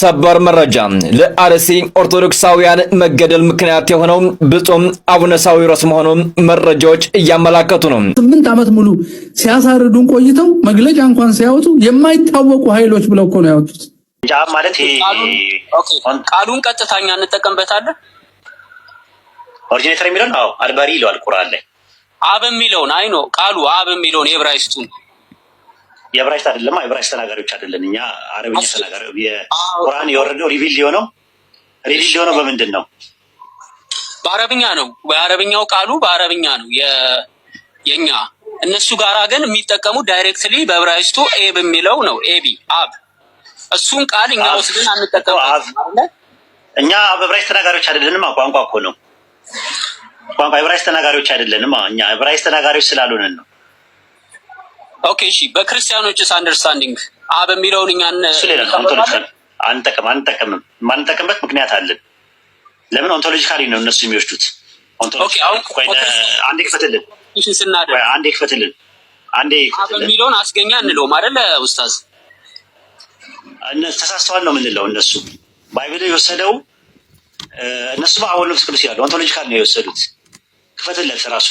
ሰበር መረጃ ለአርሲ ኦርቶዶክሳውያን መገደል ምክንያት የሆነው ብፁዕ አቡነ ሳዊሮስ መሆኑን መረጃዎች እያመላከቱ ነው። ስምንት ዓመት ሙሉ ሲያሳርዱን ቆይተው መግለጫ እንኳን ሲያወጡ የማይታወቁ ኃይሎች ብለው እኮ ነው ያወጡት። ማለት ቃሉን ቀጥታኛ እንጠቀምበታለን። ኦሪጂኔተር የሚለውን አድባሪ ይለዋል ቁርአን ላይ አብ የሚለውን አይኖ ቃሉ አብ የሚለውን የዕብራይስጡን የብራይስ አይደለም፣ የዕብራይስጥ ተናጋሪዎች አይደለን እኛ አረብኛ ተናጋሪ። ቁርአን የወረደው ሪቪል ሊሆነው ሪቪል ሊሆነው በምንድን ነው? በአረብኛ ነው። በአረብኛው ቃሉ በአረብኛ ነው የኛ። እነሱ ጋራ ግን የሚጠቀሙ ዳይሬክትሊ በብራይስቱ ኤብ የሚለው ነው። ኤቢ አብ፣ እሱን ቃል እኛ ወስደን አንጠቀም። እኛ በብራይስ ተናጋሪዎች አይደለንም። ቋንቋ እኮ ነው ቋንቋ። የዕብራይስጥ ተናጋሪዎች አይደለንም እኛ። የዕብራይስጥ ተናጋሪዎች ስላልሆነን ነው ኦኬ እሺ፣ በክርስቲያኖችስ አንደርስታንዲንግ አ በሚለውን እኛን አንጠቅም አንጠቅምም። ማንጠቅምበት ምክንያት አለን። ለምን ኦንቶሎጂካሊ ነው እነሱ የሚወስዱት። አንዴ ክፈትልን፣ አንዴ ክፈትልን፣ አንዴ በሚለውን አስገኛ እንለውም አይደለ ኡስታዝ? ተሳስተዋል ነው የምንለው። እነሱ ባይብል የወሰደው እነሱ በአብ ወልድ ያሉ ቅዱስ ኦንቶሎጂካል ነው የወሰዱት። ክፈትለት ራሱ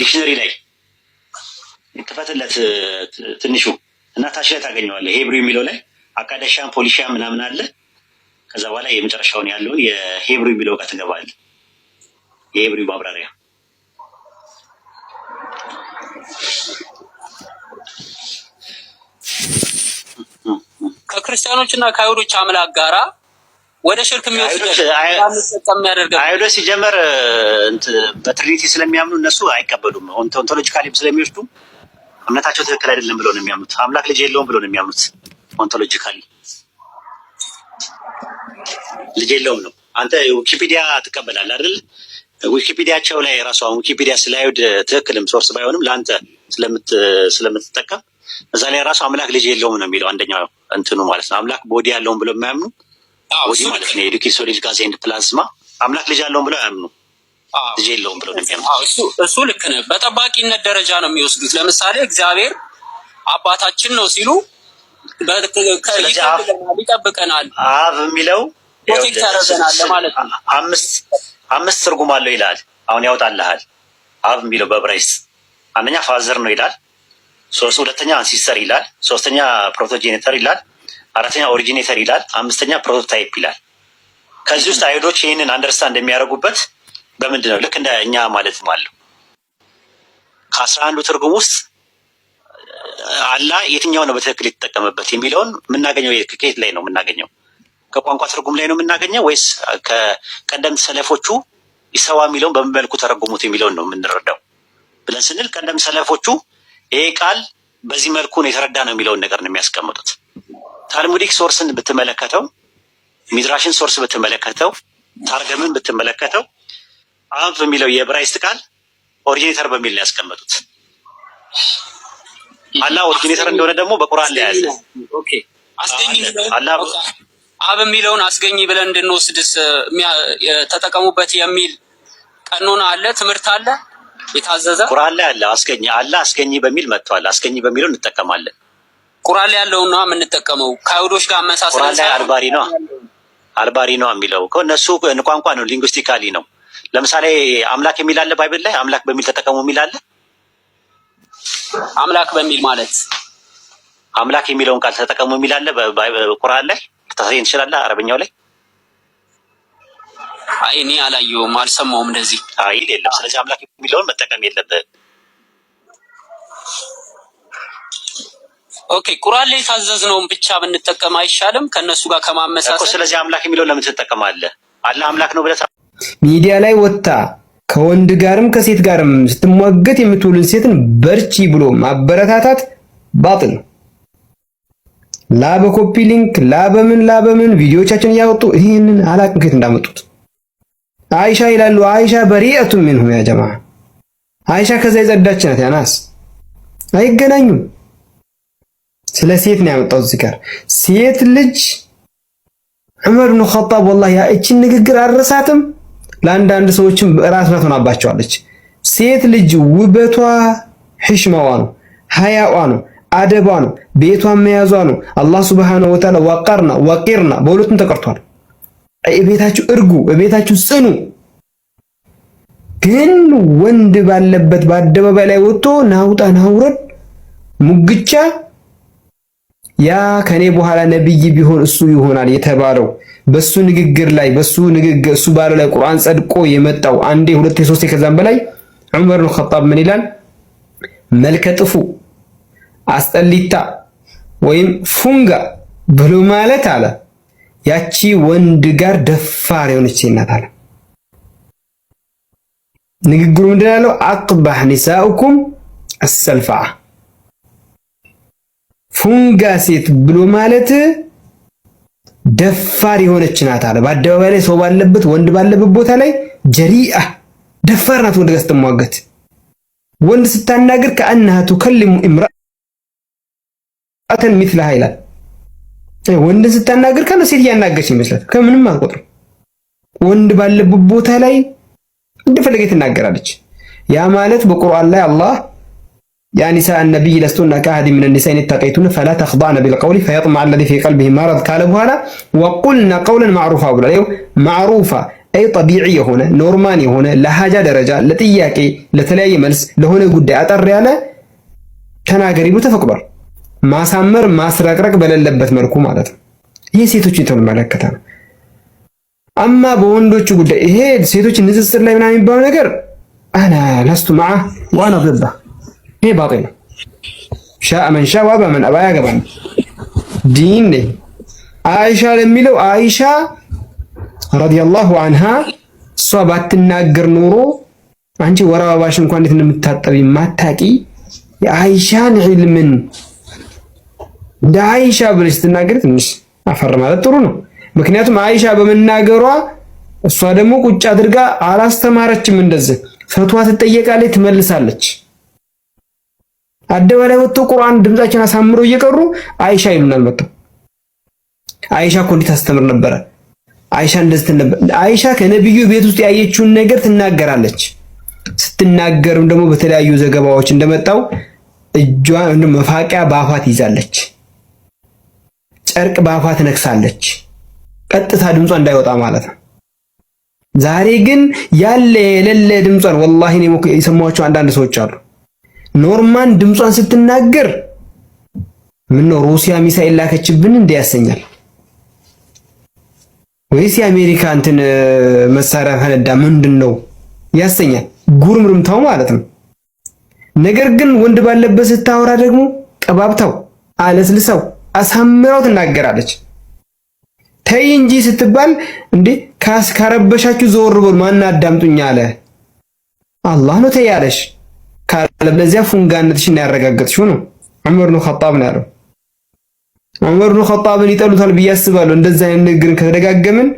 ዲክሽነሪ ላይ ክፈትለት ትንሹ እና ታች ላይ ታገኘዋለህ። የሚለው ላይ አካደሻን ፖሊሻ ምናምን አለ። ከዛ በኋላ የመጨረሻውን ያለውን የሄብሪው የሚለው ጋር ትገባለህ። የሄብሪው ማብራሪያ ከክርስቲያኖች እና ከአይሁዶች አምላክ ጋራ ወደ ሽርክ የሚወስደአይሁዶች ሲጀመር በትሪኒቲ ስለሚያምኑ እነሱ አይቀበሉም። ኦንቶሎጂካሊም ስለሚወስዱ እምነታቸው ትክክል አይደለም ብለው ነው የሚያምኑት። አምላክ ልጅ የለውም ብለው ነው የሚያምኑት። ኦንቶሎጂካሊ ልጅ የለውም ነው። አንተ ዊኪፒዲያ ትቀበላለህ አይደል? ዊኪፒዲያቸው ላይ ራሱ አሁን ዊኪፒዲያ ስለ አይሁድ ትክክልም ሶርስ ባይሆንም ለአንተ ስለምትጠቀም እዛ ላይ ራሱ አምላክ ልጅ የለውም ነው የሚለው አንደኛው እንትኑ ማለት ነው። አምላክ ቦዲ ያለውም ብለው የሚያምኑ ቦዲ ማለት ነው የዱኪሶ ልጅ ጋዜ ፕላዝማ አምላክ ልጅ ያለውም ብለው አያምኑ ልጅ የለውም ብሎ እሱ ልክ ነህ። በጠባቂነት ደረጃ ነው የሚወስዱት። ለምሳሌ እግዚአብሔር አባታችን ነው ሲሉ ይጠብቀናል፣ አብ የሚለው ፕሮቴክት ማለት ነው። አምስት አምስት ትርጉም አለው ይላል። አሁን ያውጣልሃል። አብ የሚለው በብራይስ አንደኛ ፋዘር ነው ይላል። ሶስት ሁለተኛ አንሲስተር ይላል። ሶስተኛ ፕሮቶጄኔተር ይላል። አራተኛ ኦሪጂኔተር ይላል። አምስተኛ ፕሮቶታይፕ ይላል። ከዚህ ውስጥ አይሁዶች ይህንን አንደርስታንድ የሚያደርጉበት በምንድን ነው ልክ እንደ እኛ ማለት አለው። ከአስራ አንዱ ትርጉም ውስጥ አላ የትኛው ነው በትክክል የተጠቀመበት የሚለውን የምናገኘው ከየት ላይ ነው የምናገኘው? ከቋንቋ ትርጉም ላይ ነው የምናገኘው ወይስ ከቀደምት ሰለፎቹ ይሰዋ የሚለውን በምን መልኩ ተረጎሙት የሚለውን ነው የምንረዳው ብለን ስንል ቀደምት ሰለፎቹ ይሄ ቃል በዚህ መልኩ ነው የተረዳ ነው የሚለውን ነገር ነው የሚያስቀምጡት። ታልሙዲክ ሶርስን ብትመለከተው፣ ሚድራሽን ሶርስ ብትመለከተው፣ ታርገምን ብትመለከተው አብ በሚለው የዕብራይስጥ ቃል ኦሪጂኔተር በሚል ነው ያስቀመጡት። አላህ ኦሪጂኔተር እንደሆነ ደግሞ በቁርአን ላይ ያለ ኦኬ አስገኝ አብ የሚለውን አስገኝ ብለን እንድንወስድስ ተጠቀሙበት የሚል ቀኖና አለ፣ ትምህርት አለ፣ የታዘዘ ቁርአን ላይ አለ። አስገኝ አላህ አስገኝ በሚል መጥቷል። አስገኝ በሚለው እንጠቀማለን። ቁርአን ላይ ያለው ነው የምንጠቀመው። ከአይሁዶች ጋር መሳሰል ቁርአን ላይ አልባሪ ነው አልባሪ ነው የሚለው እነሱ ቋንቋ ነው፣ ሊንግዊስቲካሊ ነው ለምሳሌ አምላክ የሚል አለ ባይብል ላይ አምላክ በሚል ተጠቀሙ የሚል አለ። አምላክ በሚል ማለት አምላክ የሚለውን ቃል ተጠቀሙ የሚል አለ ቁርአን ላይ ልታሳየን ትችላለህ? አረበኛው ላይ አይ እኔ አላየሁም አልሰማሁም። እንደዚህ አይ የለም። ስለዚህ አምላክ የሚለውን መጠቀም የለብህም። ኦኬ ቁርአን ላይ የታዘዝነውን ብቻ ብንጠቀም አይሻልም? ከእነሱ ጋር ከማመሳሰል። ስለዚህ አምላክ የሚለውን ለምን ትጠቀማለህ? አላህ አምላክ ነው ብለህ ሚዲያ ላይ ወጥታ ከወንድ ጋርም ከሴት ጋርም ስትሟገት የምትውልን ሴትን በርቺ ብሎ ማበረታታት ባጥል ነው። ኮፒ ሊንክ ላበምን ላበምን ቪዲዮቻችን እያወጡ ይህንን አላቅም ከየት እንዳመጡት አይሻ ይላሉ። አይሻ በሪአቱ ምንሁ ያ ጀማዓ አይሻ ከዛ የጸዳች ናት። ያናስ አይገናኙም። ስለ ሴት ነው ያመጣው እዚህ ጋር ሴት ልጅ ዑመር ብኑ ኸጣብ ወላሂ ያቺን ንግግር አረሳትም? ለአንዳንድ ሰዎችም ራስ በት ሆናባቸዋለች። ሴት ልጅ ውበቷ ሕሽማዋ ነው፣ ሀያዋ ነው፣ አደቧ ነው፣ ቤቷን መያዟ ነው። አላህ ሱብሓነሁ ወተዓላ ወቀርና ወቂርና በሁለቱም ተቀርቷል። እቤታችሁ እርጉ፣ እቤታችሁ ጽኑ። ግን ወንድ ባለበት በአደባባይ ላይ ወጥቶ ናውጣ ናውረድ ሙግቻ ያ ከኔ በኋላ ነብይ ቢሆን እሱ ይሆናል የተባለው በሱ ንግግር ላይ በሱ ንግግር እሱ ባለ ላይ ቁርአን ጸድቆ የመጣው አንዴ ሁለቴ ሶስቴ ከዛም በላይ ዑመር ኢብኑ ኸጣብ ምን ይላል? መልከ ጥፉ አስጠሊታ ወይም ፉንጋ ብሎ ማለት አለ ያቺ ወንድ ጋር ደፋር የሆነች ሴት አለ። ንግግሩ ምንድን ያለው? አቅባህ ኒሳኡኩም አሰልፋ ፉንጋሴት ብሎ ማለት ደፋር የሆነች ናት አለ። በአደባባይ ላይ ሰው ባለበት ወንድ ባለበት ቦታ ላይ ጀሪአ ደፋር ናት። ወንድ ጋር ስትሟገት ወንድ ስታናገር ከአናሃ ቱከልሙ እምራአተን ሚስለሃ ይላል። ወንድ ስታናገር ከነ ሴት እያናገረች ይመስላል። ከምንም አልቆጥርም። ወንድ ባለበት ቦታ ላይ እንደፈለገ ትናገራለች። ያ ማለት በቁርአን ላይ አላህ ያ ኒሳ ነቢይ ለስቱና ከአህድ ምን ኒሳይን ተቀይቱን ፈላ ተኽዳዕነ ቢልቀውሊ ፈየጥመዐ አለዚ ፊ ቀልቢሂ መረድ ካለ በኋላ ወቁልና ቀውለን ማዕሩፋ ብሏል። ይኸው ማዕሩፋ አይ ጠቢዒ የሆነ ኖርማል የሆነ ለሀጃ ደረጃ ለጥያቄ ለተለያየ መልስ ለሆነ ጉዳይ አጠር ያለ ተናገሪ ብሎ ተፈቅዷል። ማሳመር ማስረቅረቅ በሌለበት መልኩ ማለት ነው። ይህ ሴቶች የተመለከተ ነው። አማ በወንዶቹ ጉዳይ ይሄ ሴቶች ንጽጽር ላይ ምናምን የሚባለው ነገር አና ለስቱ መዐ ወአና ضده ይሄ ባጢል ነው። ሻእ መን ሻእ ወአባ መን አባ ያገባል። ዲን ነኝ። አይሻ ለሚለው አይሻ ረዲየላሁ አንሃ እሷ ባትናገር ኖሮ አንቺ ወር አበባሽ እንኳን እንዴት እንደምታጠቢ ማታቂ የአይሻን ዒልምን እንደ አይሻ ብለሽ ስትናገር ትንሽ አፈር ማለት ጥሩ ነው። ምክንያቱም አይሻ በመናገሯ እሷ ደግሞ ቁጭ አድርጋ አላስተማረችም። እንደዚህ ፈትዋ ትጠየቃለች፣ ትመልሳለች። አደባባይ ወጥተው ቁርአን ድምጻችን አሳምረው እየቀሩ አይሻ ይሉናል። መጥተው አይሻ እኮ እንዲህ ታስተምር ነበረ፣ አይሻ እንደዚህ ነበር። አይሻ ከነብዩ ቤት ውስጥ ያየችውን ነገር ትናገራለች። ስትናገርም ደግሞ በተለያዩ ዘገባዎች እንደመጣው እጇ መፋቂያ በአፏ ትይዛለች፣ ጨርቅ በአፏ ትነክሳለች፣ ቀጥታ ድምጿ እንዳይወጣ ማለት ነው። ዛሬ ግን ያለ የሌለ ድምጿን ወላሂ እኔ የሰማኋቸው አንዳንድ ሰዎች አሉ ኖርማን ድምጿን ስትናገር ምን ነው ሩሲያ ሚሳኤል ላከችብን እንደ ያሰኛል ወይስ የአሜሪካ እንትን መሳሪያ ፈነዳ ምንድን ነው ያሰኛል። ጉርምርምታው ማለት ነው። ነገር ግን ወንድ ባለበት ስታወራ ደግሞ ቀባብታው፣ አለስልሰው አሳምራው ትናገራለች። ተይ እንጂ ስትባል እንዴ ካስ ካረበሻችሁ ዘወር በሉ ማን አዳምጡኝ አለ አላህ ነው ተያለሽ ካለበለዚያ ፉንጋነትሽን ያረጋገጥሽው ነው። ዑመር ብኑ ኸጣብ ነው ያለው። ዑመር ብኑ ኸጣብን ይጠሉታል ብዬ አስባለሁ። እንደዛ አይነት ንግግርን ከተደጋገምን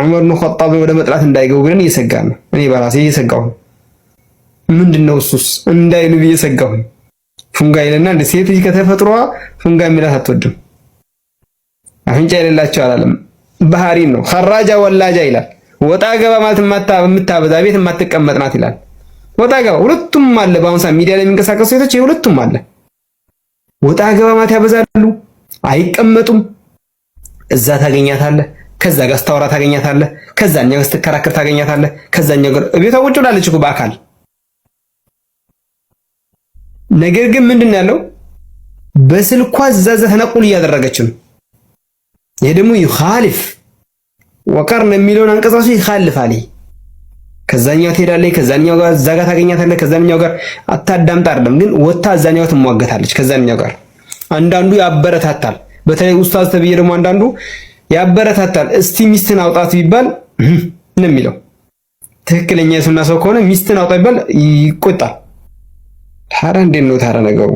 ዑመር ብኑ ኸጣብን ወደ መጥላት እንዳይገቡ ብለን እየሰጋን ነው። እኔ በራሴ እየሰጋሁ ምንድነው እሱስ እንዳይሉ ብዬ ሰጋሁ። ፉንጋ ይለና እንደ ሴት ልጅ ከተፈጥሯ ፉንጋ የሚላት አትወድም። አፍንጫ የሌላቸው አላለም። ባህሪን ነው። ኸራጃ ወላጃ ይላል። ወጣ ገባ ማለት የማታበዛ ቤት የማትቀመጥ ናት ይላል። ወጣ ገባ ሁለቱም አለ። በአሁን ሰዓት ሚዲያ ላይ የሚንቀሳቀሱ ሴቶች የሁለቱም አለ። ወጣ ገባ ማታ ያበዛሉ፣ አይቀመጡም። እዛ ታገኛታለህ፣ ከዛ ጋር ስታወራ ታገኛታለህ፣ ከዛኛው ጋር ስትከራከር ታገኛታለ ከዛኛው ጋር ቤቷ ቁጭ ብላለች እኮ በአካል ነገር ግን ምንድን ነው ያለው በስልኳ እዛዛ ተነቁል እያደረገች ነው። ይሄ ደግሞ ይኻልፍ ወቀርን የሚለውን አንቀጽ ራሱ ከዛኛው ትሄዳለች፣ ከዛኛው ጋር እዛ ጋር ከዛኛው ጋር አታዳምጥ። አይደለም ግን ወታ እዛኛው ትሟገታለች ከዛኛው ጋር። አንዳንዱ ያበረታታል። በተለይ ኡስታዝ ተብዬ ደግሞ አንዳንዱ ያበረታታል። እስቲ ሚስትን አውጣት ቢባል ነው የሚለው። ትክክለኛ የሱና ሰው ከሆነ ሚስትን አውጣ ቢባል ይቆጣል። ታዲያ እንዴት ነው ታዲያ ነገሩ?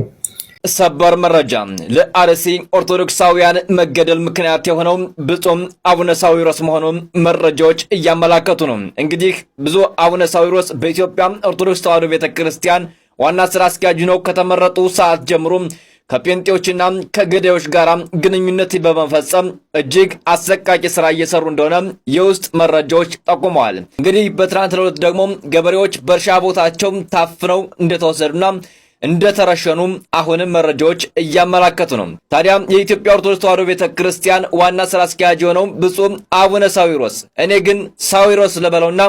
ሰበር መረጃ ለአርሲ ኦርቶዶክሳውያን መገደል ምክንያት የሆነው ብፁዕ አቡነ ሳዊሮስ መሆኑን መረጃዎች እያመላከቱ ነው። እንግዲህ ብዙ አቡነ ሳዊሮስ በኢትዮጵያ ኦርቶዶክስ ተዋሕዶ ቤተ ክርስቲያን ዋና ስራ አስኪያጅ ነው። ከተመረጡ ሰዓት ጀምሮ ከጴንጤዎችና ከገዳዮች ጋር ግንኙነት በመፈጸም እጅግ አሰቃቂ ስራ እየሰሩ እንደሆነ የውስጥ መረጃዎች ጠቁመዋል። እንግዲህ በትናንት ዕለት ደግሞ ገበሬዎች በእርሻ ቦታቸው ታፍነው እንደተወሰዱና እንደተረሸኑም አሁንም መረጃዎች እያመላከቱ ነው። ታዲያ የኢትዮጵያ ኦርቶዶክስ ተዋሕዶ ቤተ ክርስቲያን ዋና ስራ አስኪያጅ የሆነው ብፁዕ አቡነ ሳዊሮስ እኔ ግን ሳዊሮስ ልበለውና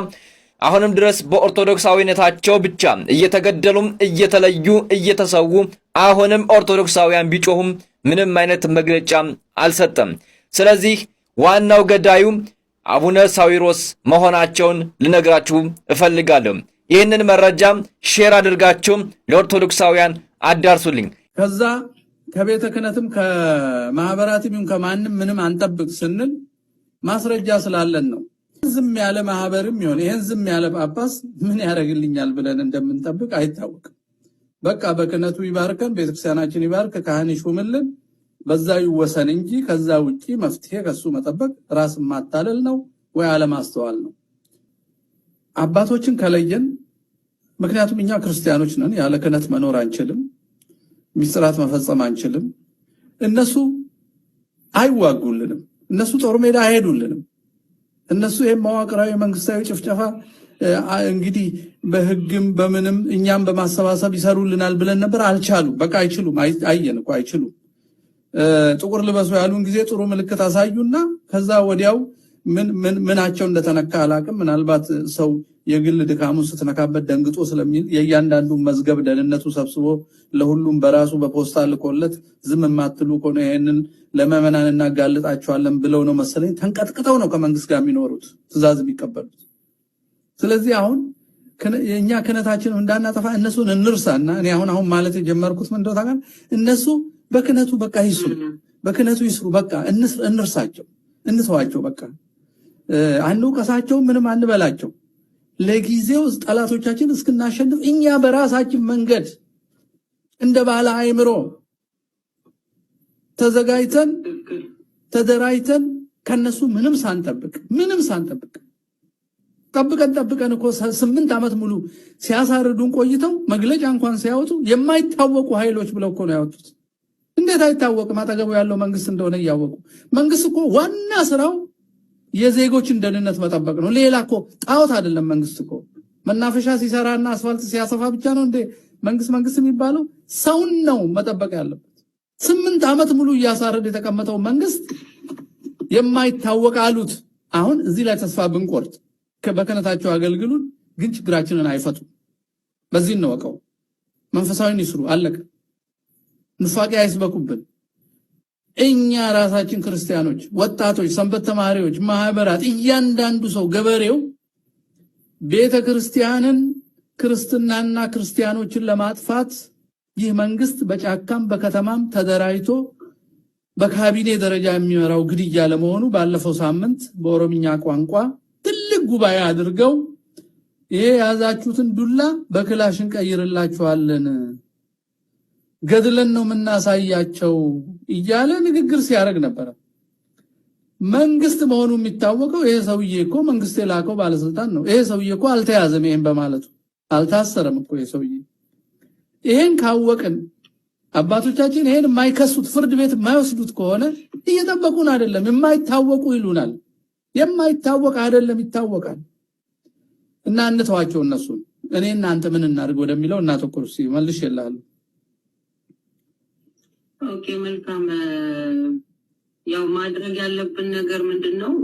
አሁንም ድረስ በኦርቶዶክሳዊነታቸው ብቻ እየተገደሉም እየተለዩ እየተሰዉ አሁንም ኦርቶዶክሳውያን ቢጮሁም ምንም አይነት መግለጫ አልሰጠም። ስለዚህ ዋናው ገዳዩ አቡነ ሳዊሮስ መሆናቸውን ልነግራችሁ እፈልጋለሁ። ይህንን መረጃም ሼር አድርጋችሁም ለኦርቶዶክሳውያን አዳርሱልኝ። ከዛ ከቤተ ክህነትም ከማህበራትም ይሁን ከማንም ምንም አንጠብቅ ስንል ማስረጃ ስላለን ነው። ዝም ያለ ማህበርም ይሆን ይህን ዝም ያለ ጳጳስ ምን ያደርግልኛል ብለን እንደምንጠብቅ አይታወቅም። በቃ በክህነቱ ይባርከን፣ ቤተክርስቲያናችን ይባርክ፣ ካህን ይሹምልን፣ በዛ ይወሰን እንጂ ከዛ ውጭ መፍትሄ ከሱ መጠበቅ ራስን ማታለል ነው ወይ አለማስተዋል ነው። አባቶችን ከለየን ምክንያቱም እኛ ክርስቲያኖች ነን። ያለ ክህነት መኖር አንችልም፣ ሚስጥራት መፈጸም አንችልም። እነሱ አይዋጉልንም፣ እነሱ ጦር ሜዳ አይሄዱልንም። እነሱ ይህም መዋቅራዊ መንግስታዊ ጭፍጨፋ እንግዲህ በህግም በምንም እኛም በማሰባሰብ ይሰሩልናል ብለን ነበር። አልቻሉም። በቃ አይችሉም። አየን እኮ አይችሉም። ጥቁር ልበሱ ያሉን ጊዜ ጥሩ ምልክት አሳዩና ከዛ ወዲያው ምን ምናቸው እንደተነካ አላቅም። ምናልባት ሰው የግል ድካሙን ስትነካበት ደንግጦ ስለሚል የእያንዳንዱ መዝገብ ደህንነቱ ሰብስቦ ለሁሉም በራሱ በፖስታ ልኮለት ዝም የማትሉ ከሆነ ይህንን ለምዕመናን እናጋልጣቸዋለን ብለው ነው መሰለኝ ተንቀጥቅጠው ነው ከመንግስት ጋር የሚኖሩት ትዕዛዝ የሚቀበሉት። ስለዚህ አሁን የእኛ ክህነታችን እንዳናጠፋ እነሱን እንርሳና እኔ አሁን አሁን ማለት የጀመርኩት ምንድን ነው እነሱ በክህነቱ በቃ ይስሩ፣ በክህነቱ ይስሩ፣ በቃ እንርሳቸው፣ እንተዋቸው በቃ አንውቀሳቸው፣ ምንም አንበላቸው። ለጊዜው ጠላቶቻችን እስክናሸንፍ እኛ በራሳችን መንገድ እንደ ባለ አእምሮ ተዘጋጅተን ተደራጅተን ከነሱ ምንም ሳንጠብቅ ምንም ሳንጠብቅ ጠብቀን ጠብቀን እኮ ስምንት ዓመት ሙሉ ሲያሳርዱን ቆይተው መግለጫ እንኳን ሲያወጡ የማይታወቁ ኃይሎች ብለው እኮ ነው ያወጡት። እንዴት አይታወቅም? አጠገቡ ያለው መንግስት እንደሆነ እያወቁ መንግስት እኮ ዋና ስራው የዜጎችን ደህንነት መጠበቅ ነው። ሌላ እኮ ጣዖት አይደለም። መንግስት እኮ መናፈሻ ሲሰራና አስፋልት ሲያሰፋ ብቻ ነው እንደ መንግስት መንግስት የሚባለው ሰውን ነው መጠበቅ ያለበት። ስምንት ዓመት ሙሉ እያሳረድ የተቀመጠው መንግስት የማይታወቅ አሉት። አሁን እዚህ ላይ ተስፋ ብንቆርጥ በክህነታቸው አገልግሉን፣ ግን ችግራችንን አይፈቱም። በዚህ እንወቀው። መንፈሳዊን ይስሩ፣ አለቀ። ንፋቄ አይስበኩብን። እኛ ራሳችን ክርስቲያኖች፣ ወጣቶች፣ ሰንበት ተማሪዎች፣ ማህበራት፣ እያንዳንዱ ሰው ገበሬው ቤተ ክርስቲያንን ክርስትናና ክርስቲያኖችን ለማጥፋት ይህ መንግስት በጫካም በከተማም ተደራጅቶ በካቢኔ ደረጃ የሚመራው ግድያ ለመሆኑ ባለፈው ሳምንት በኦሮምኛ ቋንቋ ትልቅ ጉባኤ አድርገው ይሄ የያዛችሁትን ዱላ በክላሽ እንቀይርላችኋለን ገድለን ነው የምናሳያቸው እያለ ንግግር ሲያደርግ ነበረ። መንግስት መሆኑ የሚታወቀው ይሄ ሰውዬ እኮ መንግስት የላከው ባለስልጣን ነው። ይሄ ሰውዬ እኮ አልተያዘም፣ ይሄን በማለቱ አልታሰረም እኮ ይሄ ሰውዬ። ይሄን ካወቅን አባቶቻችን ይሄን የማይከሱት ፍርድ ቤት የማይወስዱት ከሆነ እየጠበቁን አይደለም። የማይታወቁ ይሉናል። የማይታወቅ አይደለም ይታወቃል። እና እንተዋቸው እነሱን እኔ እናንተ ምን እናድርግ ወደሚለው እናተኩር። መልሽ የላሉ ኦኬ መልካም። ያው ማድረግ ያለብን ነገር ምንድን ነው?